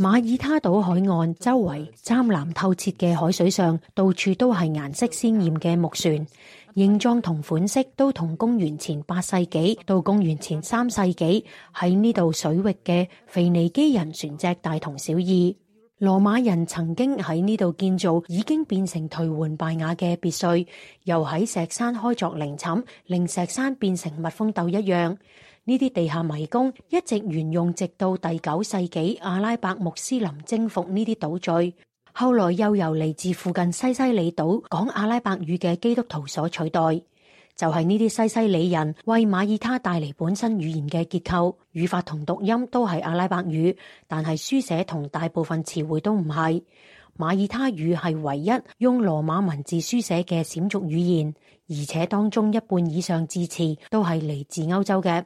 馬爾他島海岸周圍湛藍透徹嘅海水上，到處都係顏色鮮艷嘅木船，形狀同款式都同公元前八世紀到公元前三世紀喺呢度水域嘅腓尼基人船隻大同小異。羅馬人曾經喺呢度建造已經變成頹垣敗瓦嘅別墅，又喺石山開鑿陵寢，令石山變成蜜蜂竇一樣。呢啲地下迷宮一直沿用，直到第九世紀阿拉伯穆斯林征服呢啲島嶼。後來又由嚟自附近西西里島講阿拉伯語嘅基督徒所取代。就係呢啲西西里人為馬爾他帶嚟本身語言嘅結構、語法同讀音都係阿拉伯語，但係書寫同大部分詞彙都唔係。馬爾他語係唯一用羅馬文字書寫嘅閃族語言，而且當中一半以上字詞都係嚟自歐洲嘅。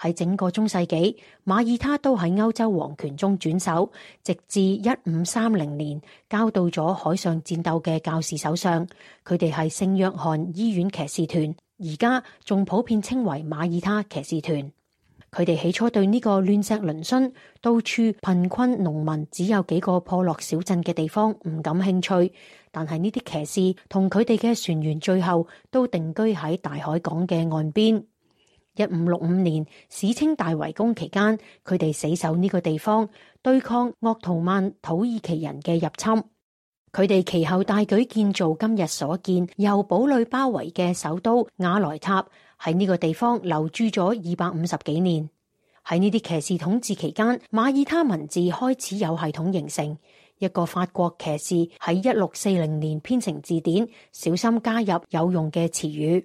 喺整個中世紀，馬爾他都喺歐洲皇權中轉手，直至一五三零年交到咗海上戰鬥嘅教士手上。佢哋係聖約翰醫院騎士團，而家仲普遍稱為馬爾他騎士團。佢哋起初對呢個亂石嶙峋、到處貧困、農民只有幾個破落小鎮嘅地方唔感興趣，但係呢啲騎士同佢哋嘅船員最後都定居喺大海港嘅岸邊。一五六五年史稱大圍攻期間，佢哋死守呢個地方對抗鄂圖曼土耳其人嘅入侵。佢哋其後大舉建造今日所見由堡壘包圍嘅首都瓦萊塔，喺呢個地方留住咗二百五十幾年。喺呢啲騎士統治期間，馬爾他文字開始有系統形成。一個法國騎士喺一六四零年編成字典，小心加入有用嘅詞語。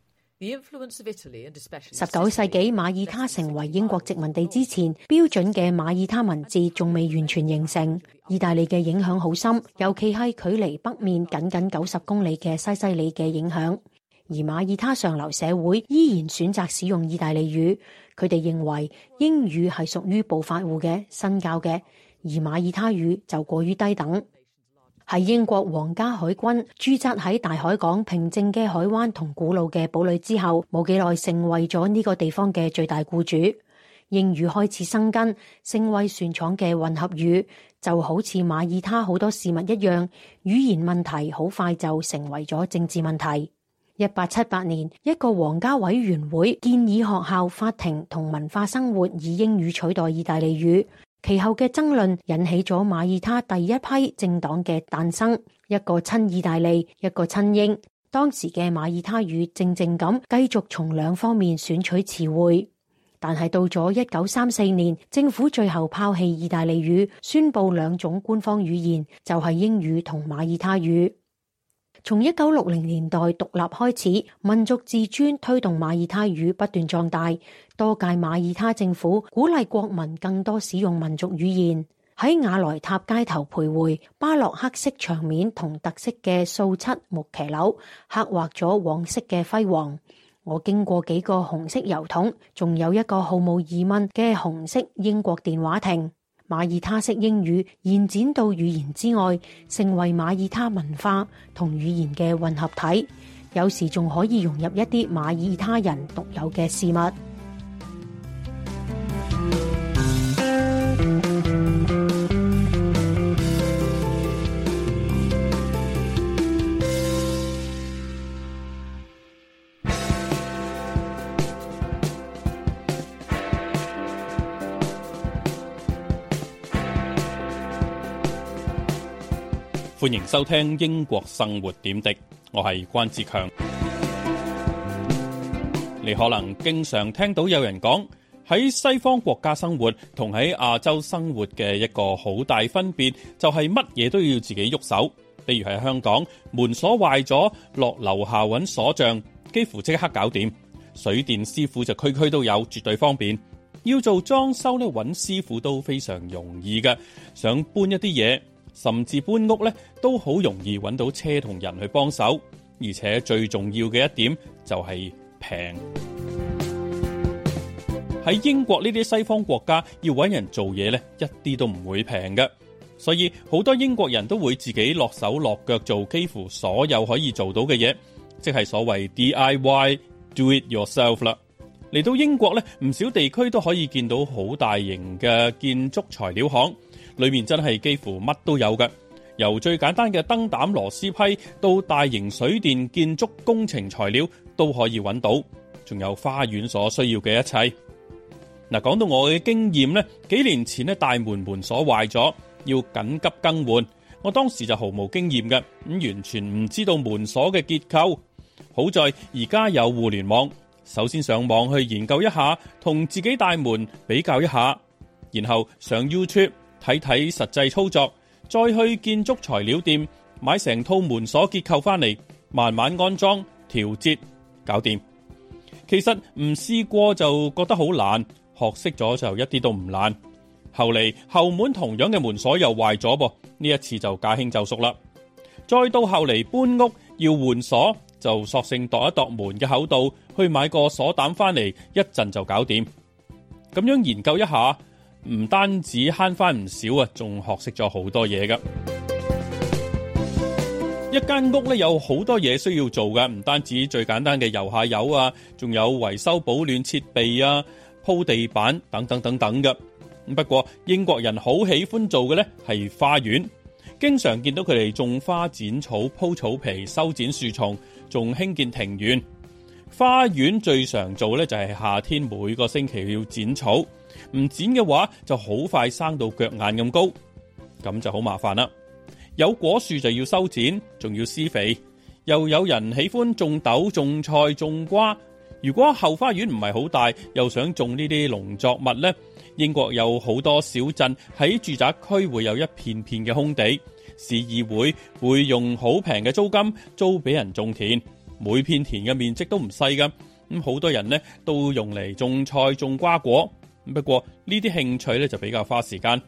十九世紀馬爾他成為英國殖民地之前，標準嘅馬爾他文字仲未完全形成。意大利嘅影響好深，尤其係距離北面僅僅九十公里嘅西西里嘅影響。而馬爾他上流社會依然選擇使用意大利語，佢哋認為英語係屬於暴發戶嘅新教嘅，而馬爾他語就過於低等。係英國皇家海軍駐紮喺大海港、平靜嘅海灣同古老嘅堡壘之後，冇幾耐成為咗呢個地方嘅最大雇主。英語開始生根，成為船廠嘅混合語，就好似馬爾他好多事物一樣，語言問題好快就成為咗政治問題。一八七八年，一個皇家委員會建議學校、法庭同文化生活以英語取代意大利語。其後嘅爭論引起咗馬爾他第一批政黨嘅誕生，一個親意大利，一個親英。當時嘅馬爾他語靜靜咁繼續從兩方面選取詞彙，但係到咗一九三四年，政府最後拋棄意大利語，宣布兩種官方語言就係英語同馬爾他語。從一九六零年代獨立開始，民族自尊推動馬爾他語不斷壯大。多屆馬爾他政府鼓勵國民更多使用民族語言。喺瓦萊塔街頭徘徊，巴洛克式牆面同特色嘅素漆木騎樓，刻劃咗往昔嘅輝煌。我經過幾個紅色郵筒，仲有一個毫無疑問嘅紅色英國電話亭。馬爾他式英語延展到語言之外，成為馬爾他文化同語言嘅混合體，有時仲可以融入一啲馬爾他人獨有嘅事物。歡迎收聽英國生活點滴，我係關志強。你可能經常聽到有人講，喺西方國家生活同喺亞洲生活嘅一個好大分別，就係乜嘢都要自己喐手。比如喺香港，門鎖壞咗落樓下揾鎖匠，幾乎即刻搞掂。水電師傅就區區都有，絕對方便。要做裝修，揾師傅都非常容易嘅。想搬一啲嘢。甚至搬屋咧都好容易揾到車同人去幫手，而且最重要嘅一點就係平。喺英國呢啲西方國家要揾人做嘢咧，一啲都唔會平嘅，所以好多英國人都會自己落手落腳做幾乎所有可以做到嘅嘢，即係所謂 DIY（Do It Yourself） 啦。嚟到英國咧，唔少地區都可以見到好大型嘅建築材料行。裏面真係幾乎乜都有㗎，由最簡單嘅燈膽螺絲批到大型水電建築工程材料都可以揾到，仲有花園所需要嘅一切。嗱，講到我嘅經驗呢，幾年前呢，大門門鎖壞咗，要緊急更換，我當時就毫無經驗㗎，咁完全唔知道門鎖嘅結構。好在而家有互聯網，首先上網去研究一下，同自己大門比較一下，然後上 YouTube。睇睇實際操作，再去建築材料店買成套門鎖結構返嚟，慢慢安裝、調節，搞掂。其實唔試過就覺得好難，學識咗就一啲都唔難。後嚟後門同樣嘅門鎖又壞咗噃，呢一次就駕輕就熟啦。再到後嚟搬屋要換鎖，就索性度一度門嘅厚度，去買個鎖膽返嚟，一陣就搞掂。咁樣研究一下。唔單止慳翻唔少啊，仲學識咗好多嘢噶。一間屋咧有好多嘢需要做噶，唔單止最簡單嘅油下油啊，仲有維修保暖設備啊、鋪地板等等等等嘅。不過英國人好喜歡做嘅呢係花園，經常見到佢哋種花、剪草、鋪草皮、修剪樹叢，仲興建庭院。花園最常做呢，就係夏天每個星期要剪草。唔剪嘅話，就好快生到腳眼咁高，咁就好麻煩啦。有果樹就要修剪，仲要施肥。又有人喜歡種豆、種菜、種瓜。如果後花園唔係好大，又想種呢啲農作物呢，英國有好多小鎮喺住宅區會有一片片嘅空地，市議會會用好平嘅租金租俾人種田，每片田嘅面積都唔細噶，咁好多人呢都用嚟種菜、種瓜果。不過呢啲興趣咧就比較花時間，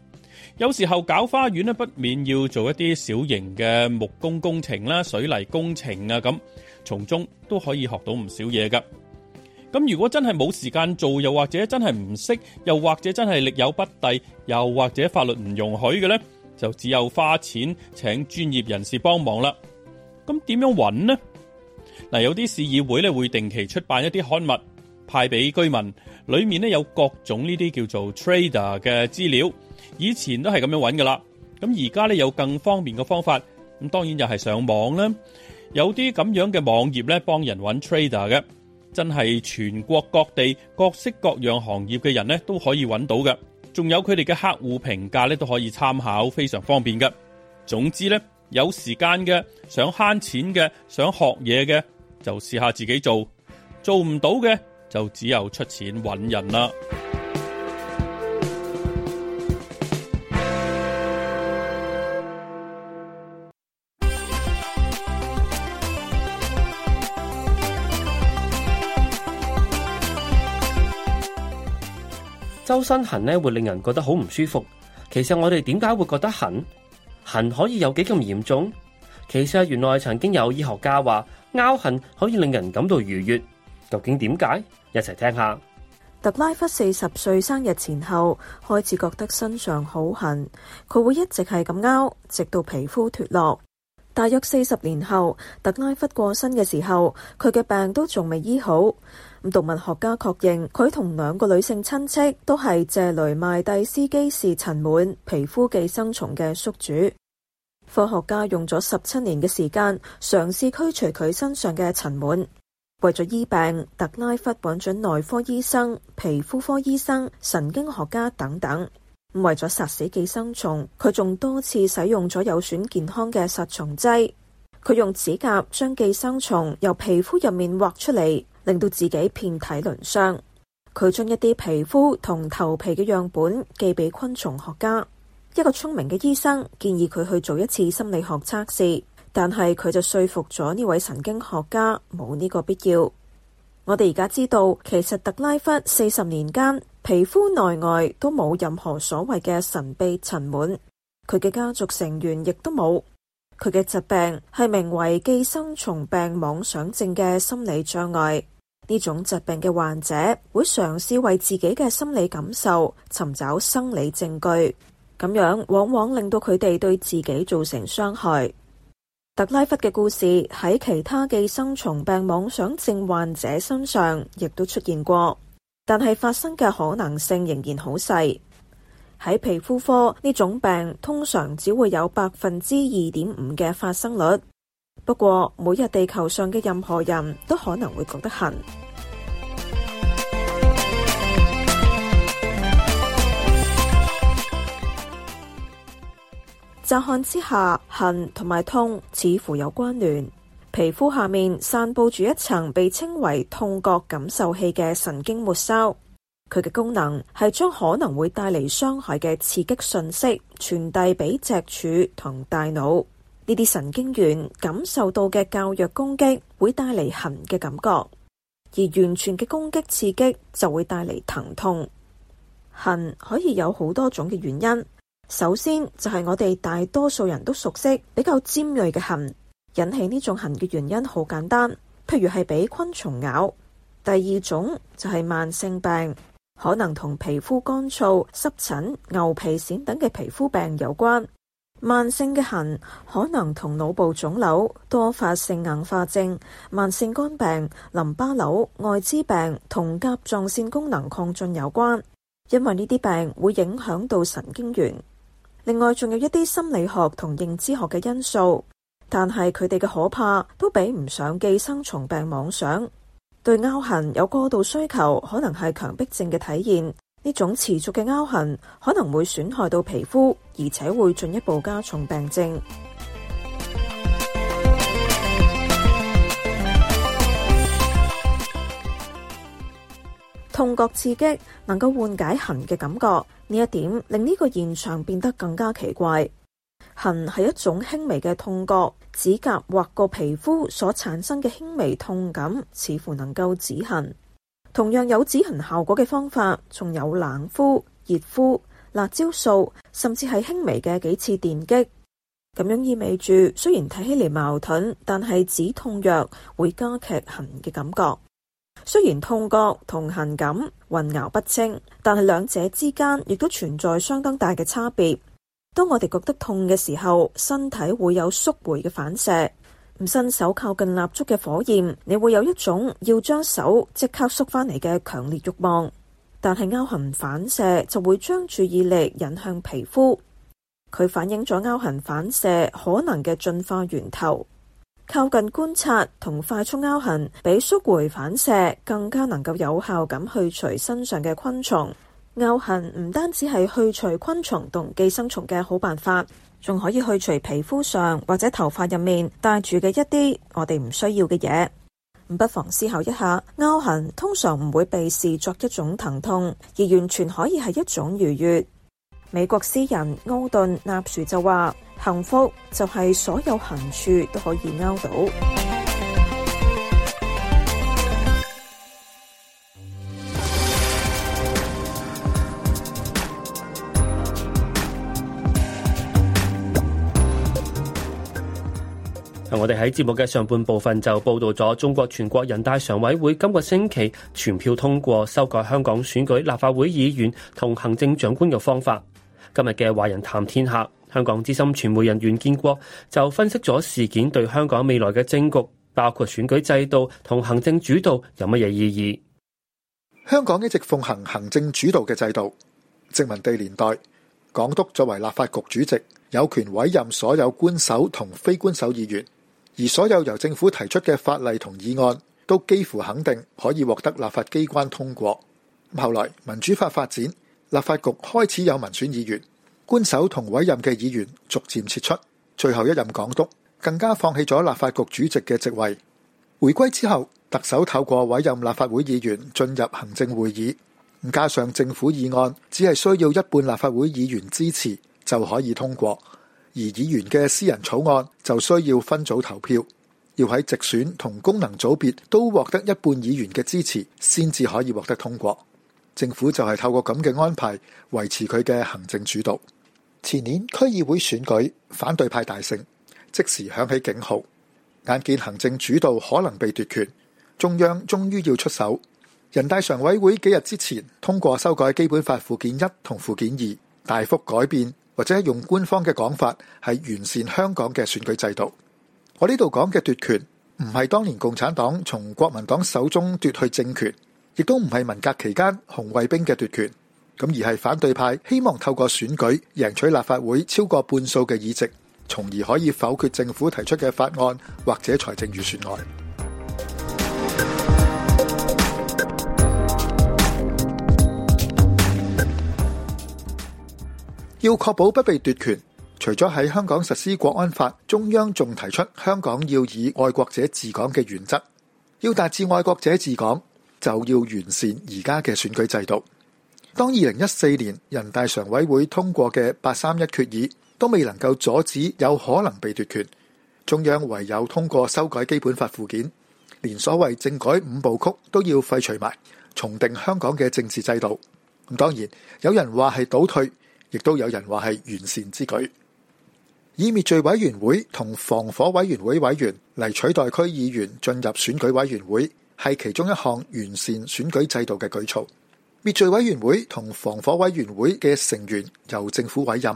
有時候搞花園呢，不免要做一啲小型嘅木工工程啦、水泥工程啊，咁從中都可以學到唔少嘢噶。咁如果真係冇時間做，又或者真係唔識，又或者真係力有不逮，又或者法律唔容許嘅呢，就只有花錢請專業人士幫忙啦。咁點樣揾呢？嗱，有啲市議會咧會定期出版一啲刊物派俾居民。裏面咧有各種呢啲叫做 trader 嘅資料，以前都係咁樣揾噶啦。咁而家咧有更方便嘅方法，咁當然又係上網啦。有啲咁樣嘅網頁咧幫人揾 trader 嘅，真係全國各地各式各樣行業嘅人咧都可以揾到嘅。仲有佢哋嘅客戶評價咧都可以參考，非常方便嘅。總之咧，有時間嘅想慳錢嘅想學嘢嘅，就試下自己做。做唔到嘅。就只有出錢揾人啦。周身痕呢，會令人覺得好唔舒服。其實我哋點解會覺得痕？痕可以有幾咁嚴重？其實原來曾經有醫學家話，拗痕可以令人感到愉悦。究竟點解？一齊聽一下。特拉弗四十歲生日前後開始覺得身上好痕，佢會一直係咁勾，直到皮膚脱落。大約四十年後，特拉弗過身嘅時候，佢嘅病都仲未醫好。咁，動物學家確認佢同兩個女性親戚都係謝雷賣蒂斯基氏塵蟎皮膚寄生蟲嘅宿主。科學家用咗十七年嘅時間嘗試驅除佢身上嘅塵蟎。為咗醫病，特拉弗揾咗內科醫生、皮膚科醫生、神經學家等等。為咗殺死寄生蟲，佢仲多次使用咗有損健康嘅殺蟲劑。佢用指甲將寄生蟲由皮膚入面劃出嚟，令到自己遍體鱗傷。佢將一啲皮膚同頭皮嘅樣本寄俾昆蟲學家。一個聰明嘅醫生建議佢去做一次心理學測試。但係佢就說服咗呢位神經學家冇呢個必要。我哋而家知道，其實特拉弗四十年間皮膚內外都冇任何所謂嘅神秘塵蟎，佢嘅家族成員亦都冇。佢嘅疾病係名為寄生蟲病妄想症嘅心理障礙。呢種疾病嘅患者會嘗試為自己嘅心理感受尋找生理證據，咁樣往往令到佢哋對自己造成傷害。特拉夫嘅故事喺其他寄生蟲病妄想症患者身上亦都出現過，但係發生嘅可能性仍然好細。喺皮膚科，呢種病通常只會有百分之二點五嘅發生率。不過，每日地球上嘅任何人都可能會覺得痕。乍看之下，痕同埋痛似乎有關聯。皮膚下面散布住一層被稱為痛覺感受器嘅神經末梢，佢嘅功能係將可能會帶嚟傷害嘅刺激信息傳遞俾脊柱同大腦。呢啲神經元感受到嘅較弱攻擊會帶嚟痕嘅感覺，而完全嘅攻擊刺激就會帶嚟疼痛。痕可以有好多種嘅原因。首先就係、是、我哋大多數人都熟悉比較尖銳嘅痕，引起呢種痕嘅原因好簡單，譬如係俾昆蟲咬。第二種就係慢性病，可能同皮膚乾燥、濕疹、牛皮癬等嘅皮膚病有關。慢性嘅痕可能同腦部腫瘤、多發性硬化症、慢性肝病、淋巴瘤、艾滋病同甲狀腺功能亢進有關，因為呢啲病會影響到神經元。另外，仲有一啲心理學同認知學嘅因素，但係佢哋嘅可怕都比唔上寄生蟲病妄想。對抓痕有過度需求，可能係強迫症嘅體現。呢種持續嘅抓痕可能會損害到皮膚，而且會進一步加重病症。痛覺刺激能夠緩解痕嘅感覺，呢一點令呢個現象變得更加奇怪。痕係一種輕微嘅痛覺，指甲劃過皮膚所產生嘅輕微痛感，似乎能夠止痕。同樣有止痕效果嘅方法，仲有冷敷、熱敷、辣椒素，甚至係輕微嘅幾次電擊。咁樣意味住，雖然睇起嚟矛盾，但係止痛藥會加劇痕嘅感覺。雖然痛覺同痕感混淆不清，但係兩者之間亦都存在相當大嘅差別。當我哋覺得痛嘅時候，身體會有縮回嘅反射。唔伸手靠近蠟燭嘅火焰，你會有一種要將手即刻縮返嚟嘅強烈慾望。但係勾痕反射就會將注意力引向皮膚，佢反映咗勾痕反射可能嘅進化源頭。靠近觀察同快速勾痕，比縮回反射更加能夠有效咁去除身上嘅昆蟲。勾痕唔單止係去除昆蟲同寄生蟲嘅好辦法，仲可以去除皮膚上或者頭髮入面帶住嘅一啲我哋唔需要嘅嘢。不妨思考一下，勾痕通常唔會被視作一種疼痛，而完全可以係一種愉悅。美國詩人歐頓納殊就話：幸福就係所有行處都可以勾到。我哋喺節目嘅上半部分就報道咗中國全國人大常委會今個星期全票通過修改香港選舉立法會議員同行政長官嘅方法。.今日嘅華人談天下，香港資深傳媒人袁建國就分析咗事件對香港未來嘅政局，包括選舉制度同行政主導有乜嘢意義？香港一直奉行行政主導嘅制度，殖民地年代，港督作為立法局主席，有權委任所有官守同非官守議員，而所有由政府提出嘅法例同議案，都幾乎肯定可以獲得立法機關通過。咁後來民主法發展。立法局開始有民選議員，官守同委任嘅議員逐漸撤出，最後一任港督更加放棄咗立法局主席嘅職位。回歸之後，特首透過委任立法會議員進入行政會議，加上政府議案只係需要一半立法會議員支持就可以通過，而議員嘅私人草案就需要分組投票，要喺直選同功能組別都獲得一半議員嘅支持先至可以獲得通過。政府就係透過咁嘅安排維持佢嘅行政主導。前年區議會選舉反對派大勝，即時響起警號，眼見行政主導可能被奪權，中央終於要出手。人大常委會幾日之前通過修改基本法附件一同附件二，大幅改變，或者用官方嘅講法係完善香港嘅選舉制度。我呢度講嘅奪權唔係當年共產黨從國民黨手中奪去政權。亦都唔係文革期間紅衛兵嘅奪權，咁而係反對派希望透過選舉贏取立法會超過半數嘅議席，從而可以否決政府提出嘅法案或者財政預算案。 *music* 要確保不被奪權，除咗喺香港實施國安法，中央仲提出香港要以愛國者治港嘅原則，要達至愛國者治港。就要完善而家嘅選舉制度。當二零一四年人大常委會通過嘅八三一決議都未能夠阻止有可能被奪權，中央唯有通過修改基本法附件，連所謂政改五部曲都要廢除埋，重定香港嘅政治制度。咁當然有人話係倒退，亦都有人話係完善之舉。以滅罪委員會同防火委員會委員嚟取代區議員進入選舉委員會，係其中一項完善選舉制度嘅舉措，滅罪委員會同防火委員會嘅成員由政府委任，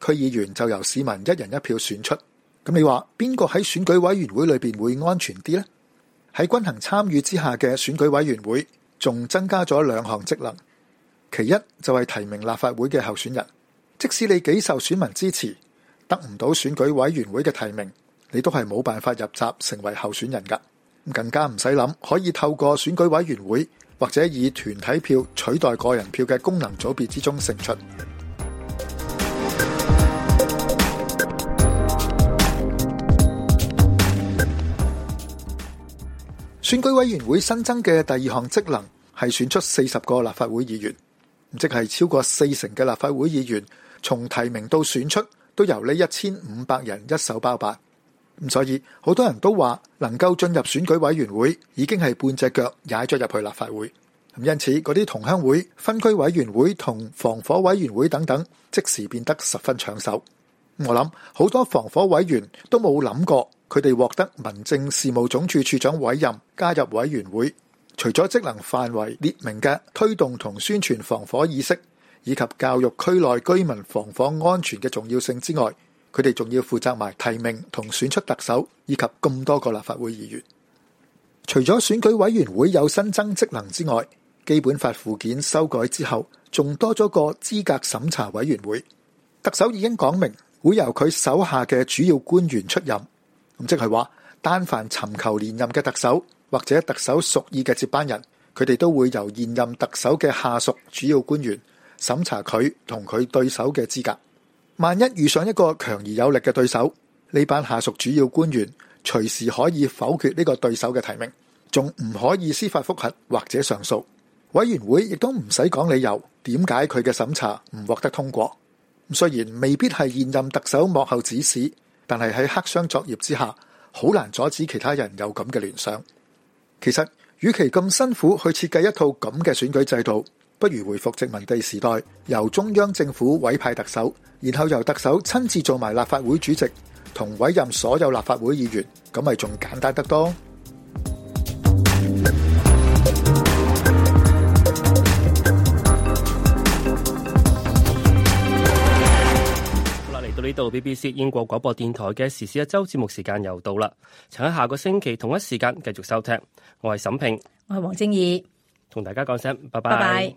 區議員就由市民一人一票選出。咁你話邊個喺選舉委員會裏邊會安全啲呢？喺均衡參與之下嘅選舉委員會，仲增加咗兩項職能，其一就係提名立法會嘅候選人。即使你幾受選民支持，得唔到選舉委員會嘅提名，你都係冇辦法入閘成為候選人噶。更加唔使諗，可以透過選舉委員會或者以團體票取代個人票嘅功能組別之中勝出。 *music* 選舉委員會新增嘅第二項職能係選出四十個立法會議員，即係超過四成嘅立法會議員，從提名到選出都由呢一千五百人一手包辦。咁所以好多人都話，能夠進入選舉委員會已經係半隻腳踩咗入去立法會。咁因此，嗰啲同鄉會、分區委員會同防火委員會等等，即時變得十分搶手。我諗好多防火委員都冇諗過，佢哋獲得民政事務總署署長委任加入委員會，除咗職能範圍列明嘅推動同宣傳防火意識，以及教育區內居民防火安全嘅重要性之外。佢哋仲要負責埋提名同選出特首，以及咁多個立法會議員。除咗選舉委員會有新增職能之外，基本法附件修改之後，仲多咗個資格審查委員會。特首已經講明，會由佢手下嘅主要官員出任。咁即係話，單凡尋求連任嘅特首或者特首屬意嘅接班人，佢哋都會由現任特首嘅下屬主要官員審查佢同佢對手嘅資格。萬一遇上一個強而有力嘅對手，呢班下屬主要官員隨時可以否決呢個對手嘅提名，仲唔可以司法複核或者上訴。委員會亦都唔使講理由，點解佢嘅審查唔獲得通過。雖然未必係現任特首幕後指使，但係喺黑箱作業之下，好難阻止其他人有咁嘅聯想。其實，與其咁辛苦去設計一套咁嘅選舉制度。不如回復殖民地時代，由中央政府委派特首，然後由特首親自做埋立法會主席，同委任所有立法會議員，咁咪仲簡單得多。好啦，嚟到呢度，BBC 英國廣播電台嘅時事一周節目時間又到啦，請喺下個星期同一時間繼續收聽。我係沈平，我係黃正義，同大家講聲拜拜。拜拜。